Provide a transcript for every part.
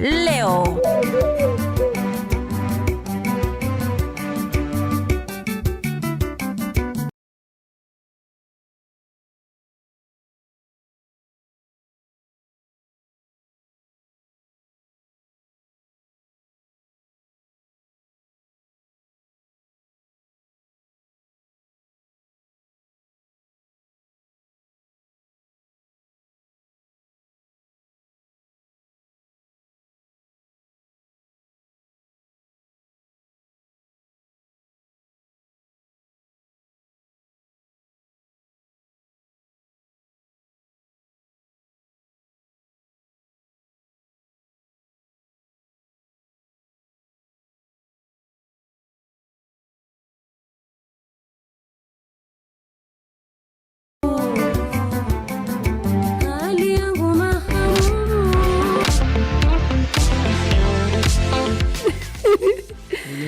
Lisboa.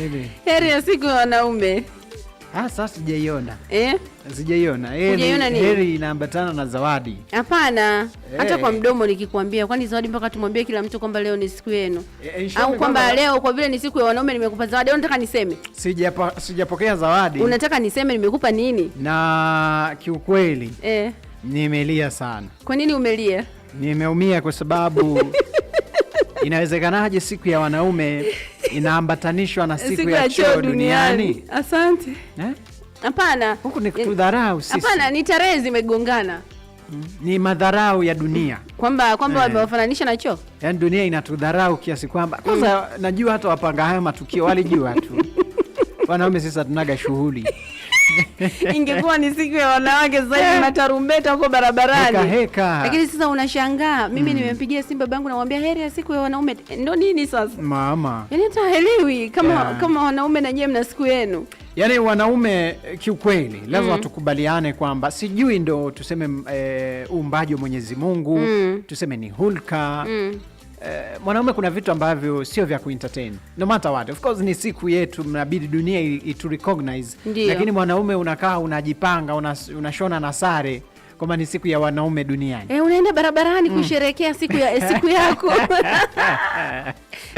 nini? Heri ya siku ya wanaume. Ah, sasa sijaiona. Eh? Sijaiona. Eh, heri inaambatana na zawadi. Hapana. Eh. Hata kwa mdomo nikikwambia, kwani zawadi mpaka tumwambie kila mtu kwamba leo ni siku yenu. E, au kwamba leo kwa vile ni siku ya wanaume nimekupa zawadi. Au nataka niseme? sijapokea zawadi. Unataka niseme nimekupa nini? Na kiukweli. Eh. Nimelia sana. Kwa nini umelia? Nimeumia kwa sababu inawezekanaje siku ya wanaume inaambatanishwa na siku, siku ya choo duniani. Asante. Eh? Hapana. Huku ni sisi. Hapana, ni tarehe zimegongana. Hmm. Ni madharau ya dunia kwamba kwamba eh. wamewafananisha na choo. Yaani dunia inatudharau kiasi kwamba kwanza, hmm. najua hata wapanga haya matukio walijua tu wanaume sisi hatunaga shughuli ingekuwa ni siku ya wanawake zaidi na eh. tarumbeta huko barabarani heka, heka. Lakini sasa unashangaa mimi mm. nimempigia simu babangu namwambia heri ya siku ya wanaume, ndo nini sasa mama? Yaani hata hataelewi kama yeah. kama wanaume na nyie mna siku yenu Yaani wanaume eh, kiukweli lazima mm. tukubaliane kwamba sijui ndo tuseme eh, uumbaji e, wa Mwenyezi Mungu mm. tuseme ni hulka mm. Eh, mwanaume kuna vitu ambavyo sio vya kuentertain no matter what. Of course ni siku yetu, mnabidi dunia itu recognize, lakini mwanaume unakaa unajipanga, unashona na sare kwamba ni siku ya wanaume duniani. E, unaenda barabarani mm. kusherekea siku ya eh, siku yako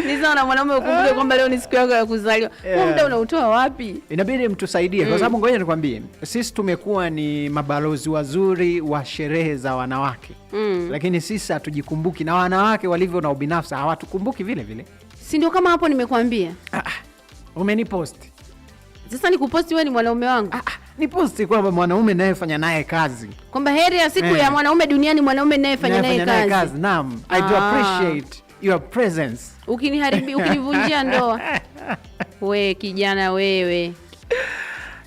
ni sawa na mwanaume ukumbuke kwamba leo ni siku yako ya kuzaliwa. yeah. muda unautoa wapi? Inabidi mtusaidie mm. kwa sababu ngoja nikwambie, sisi tumekuwa ni mabalozi wazuri wa sherehe za wanawake mm. lakini sisi hatujikumbuki na wanawake walivyo na ubinafsi hawatukumbuki vile vile, si ndio? Kama hapo nimekwambia ah, ah, umeniposti sasa nikuposti wewe ni mwanaume wangu ah, ah ni posti kwamba mwanaume nayefanya naye kazi kwamba heri ya siku eh. ya mwanaume duniani mwanaume nayefanya naye kazi, kazi. Naam, I do ah. appreciate your presence. Ukiniharibi, ukinivunjia ndoa we kijana wewe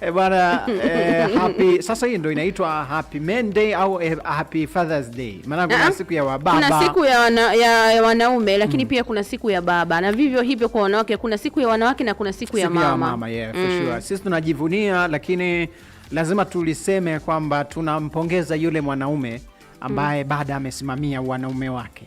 E bana, eh, eh happy sasa, hii ndio inaitwa happy men day au eh, happy fathers day, maana kuna ah, siku ya baba, kuna siku ya, wana, ya, ya wanaume lakini mm. pia kuna siku ya baba na vivyo hivyo kwa wanawake, kuna siku ya wanawake na kuna siku, siku ya mama, ya mama yeah, for mm. sure. Sisi tunajivunia lakini lazima tuliseme kwamba tunampongeza yule mwanaume ambaye mm. baada amesimamia wanaume wake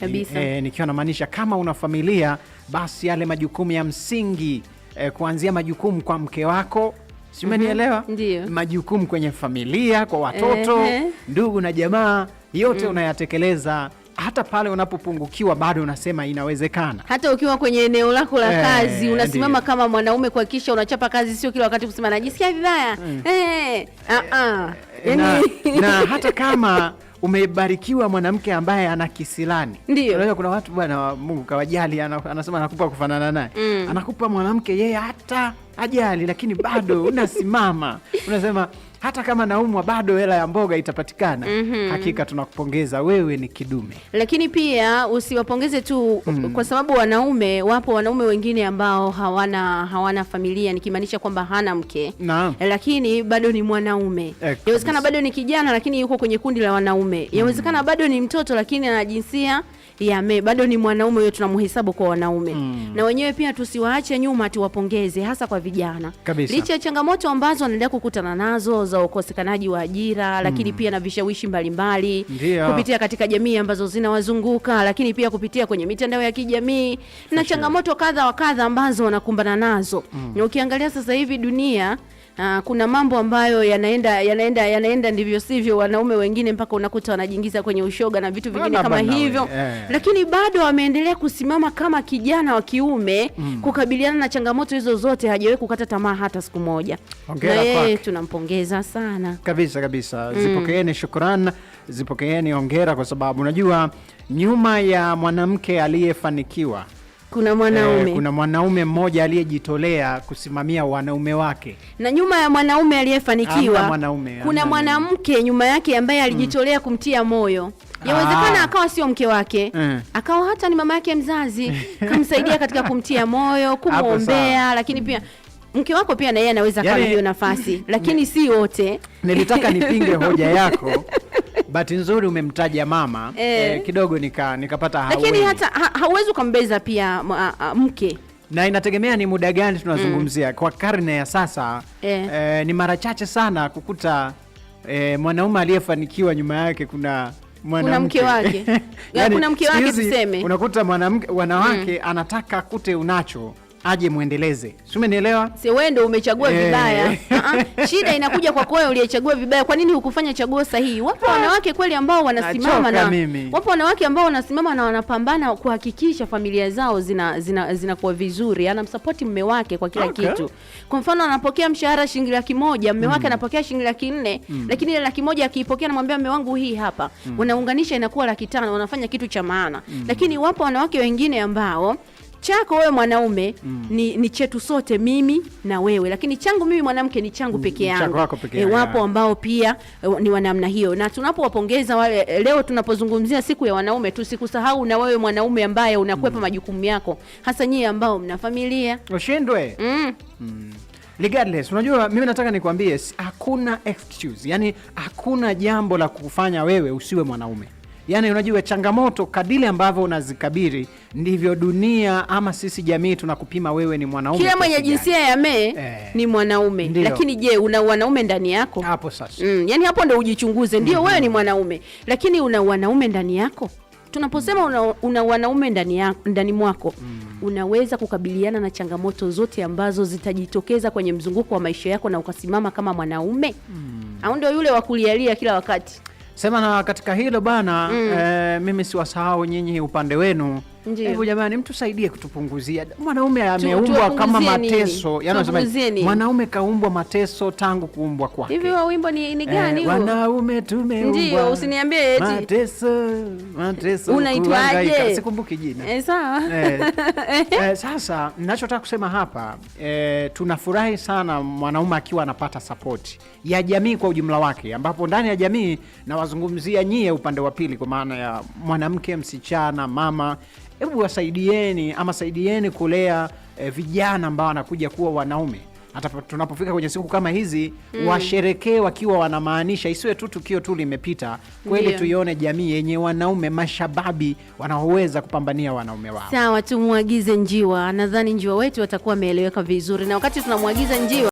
kabisa. E, nikiwa namaanisha kama una familia basi yale majukumu ya msingi e, kuanzia majukumu kwa mke wako si umenielewa? mm -hmm. Majukumu kwenye familia kwa watoto eh, ndugu na jamaa yote mm. unayatekeleza hata pale unapopungukiwa bado unasema inawezekana. Hata ukiwa kwenye eneo lako la eh, kazi unasimama kama mwanaume kuhakikisha unachapa kazi, sio kila wakati kusema najisikia vibaya mm. hey, uh -uh. na, yaani na hata kama umebarikiwa mwanamke ambaye ana kisilani. Ndio unajua kuna watu bwana wa Mungu kawajali, anasema anakupa kufanana naye mm. anakupa mwanamke yeye hata ajali, lakini bado unasimama unasema hata kama naumwa bado hela ya mboga itapatikana. mm -hmm. Hakika tunakupongeza, wewe ni kidume. Lakini pia usiwapongeze tu mm -hmm. kwa sababu wanaume wapo, wanaume wengine ambao hawana hawana familia, nikimaanisha kwamba hana mke na, lakini bado ni mwanaume. Eh, Yawezekana bado ni kijana, lakini yuko kwenye kundi la wanaume. Hmm. Yawezekana bado ni mtoto, lakini ana jinsia ya me, bado ni mwanaume huyo, tunamhesabu kwa wanaume mm. Na wenyewe pia tusiwaache nyuma, tuwapongeze hasa kwa vijana licha ya changamoto ambazo wanaendelea kukutana nazo za ukosekanaji wa ajira, lakini mm. pia na vishawishi mbalimbali kupitia katika jamii ambazo zinawazunguka, lakini pia kupitia kwenye mitandao ya kijamii na changamoto kadha wa kadha ambazo wanakumbana nazo mm. Ukiangalia sasa hivi dunia Uh, kuna mambo ambayo yanaenda yanaenda yanaenda ndivyo sivyo, wanaume wengine mpaka unakuta wanajiingiza kwenye ushoga na vitu vingine kama hivyo yeah. Lakini bado ameendelea kusimama kama kijana wa kiume mm. kukabiliana na changamoto hizo zote, hajawahi kukata tamaa hata siku moja. Hongera na yeye tunampongeza sana kabisa kabisa mm. Zipokeeni shukrani, zipokeeni hongera, kwa sababu unajua nyuma ya mwanamke aliyefanikiwa kuna mwanaume eh, kuna mwanaume mmoja aliyejitolea kusimamia wanaume wake, na nyuma ya mwanaume aliyefanikiwa kuna mwanamke nyuma yake ambaye alijitolea mm. kumtia moyo Yawezekana ah. akawa sio mke wake mm. akawa hata ni mama yake mzazi, kumsaidia katika kumtia moyo, kumwombea, lakini pia mke wako pia na yeye anaweza yani, kama hiyo nafasi, lakini si wote. Nilitaka nipinge hoja yako bahati nzuri umemtaja mama e. E, kidogo nika nikapata Lakini hata ha, ukambeza pia mke na inategemea ni muda gani tunazungumzia. Mm. Kwa karne ya sasa e. E, ni mara chache sana kukuta e, mwanaume aliyefanikiwa nyuma yake kuna mwanamke wake. Yani, kuna mke wake yaani tuseme, unakuta mwanamke wanawake mm. anataka kute unacho aje muendeleze, si umenielewa? Si wewe ndio umechagua e, vibaya uh-huh. Shida inakuja kwa kwako uliyechagua vibaya. Kwa nini hukufanya chaguo sahihi? Wapo ah. wanawake kweli ambao wanasimama na mimi. Wapo wanawake ambao wanasimama na wanapambana kuhakikisha familia zao zina zinakuwa zina vizuri, anamsapoti mume wake kwa kila okay, kitu. Kwa mfano anapokea mshahara shilingi laki moja mume wake mm, anapokea shilingi laki nne mm, lakini ile laki moja akiipokea anamwambia mume wangu hii hapa mm, unaunganisha inakuwa laki tano, wanafanya kitu cha maana mm, lakini wapo wanawake wengine ambao chako wewe mwanaume mm. ni, ni chetu sote mimi na wewe, lakini changu mimi mwanamke ni changu mm, peke yangu. E, wapo ambao pia e, ni wanamna hiyo, na tunapowapongeza wale e, leo, tunapozungumzia siku ya wanaume, tusikusahau na wewe mwanaume ambaye unakwepa mm. majukumu yako, hasa nyie ambao mna familia ushindwe mm. mm. Regardless, unajua mimi nataka nikwambie, hakuna excuse, yani hakuna jambo la kufanya wewe usiwe mwanaume yani unajua changamoto kadili ambavyo unazikabiri ndivyo dunia ama sisi jamii tunakupima wewe ni mwanaume. Kila mwenye jinsia ya me eh, ni mwanaume. Ndiyo. Lakini je, una wanaume ndani yako? Hapo sasa. Mm, yani hapo ndio ujichunguze. Ndio, mm -hmm. Wewe ni mwanaume lakini una wanaume ndani yako? Tunaposema una, una wanaume ndani, ya, ndani mwako mm. Unaweza kukabiliana na changamoto zote ambazo zitajitokeza kwenye mzunguko wa maisha yako na ukasimama kama mwanaume mm. Au ndio yule wakulialia kila wakati Sema na katika hilo bana mm. E, mimi siwasahau nyinyi upande wenu Hebu jamani, mtu saidie kutupunguzia. Mwanaume ameumbwa kama mateso, yaani mwanaume kaumbwa mateso tangu kuumbwa kwake. Hivi wa wimbo ni, ni gani eh, huo? wanaume tumeumbwa. Ndio, usiniambie eti mateso, mateso. Unaitwaje? Sikumbuki jina. Eh, sawa. Eh, eh, sasa ninachotaka kusema hapa eh, tunafurahi sana mwanaume akiwa anapata sapoti ya jamii kwa ujumla wake, ambapo ndani ya jamii nawazungumzia nyie upande wa pili, kwa maana ya mwanamke, msichana, mama hebu wasaidieni ama saidieni kulea e, vijana ambao wanakuja kuwa wanaume hata tunapofika kwenye siku kama hizi mm. washerekee wakiwa wanamaanisha, isiwe tu tukio tu limepita. Kweli tuione jamii yenye wanaume mashababi wanaoweza kupambania wanaume wao. Sawa, tumwagize njiwa. Nadhani njiwa wetu watakuwa wameeleweka vizuri, na wakati tunamwagiza njiwa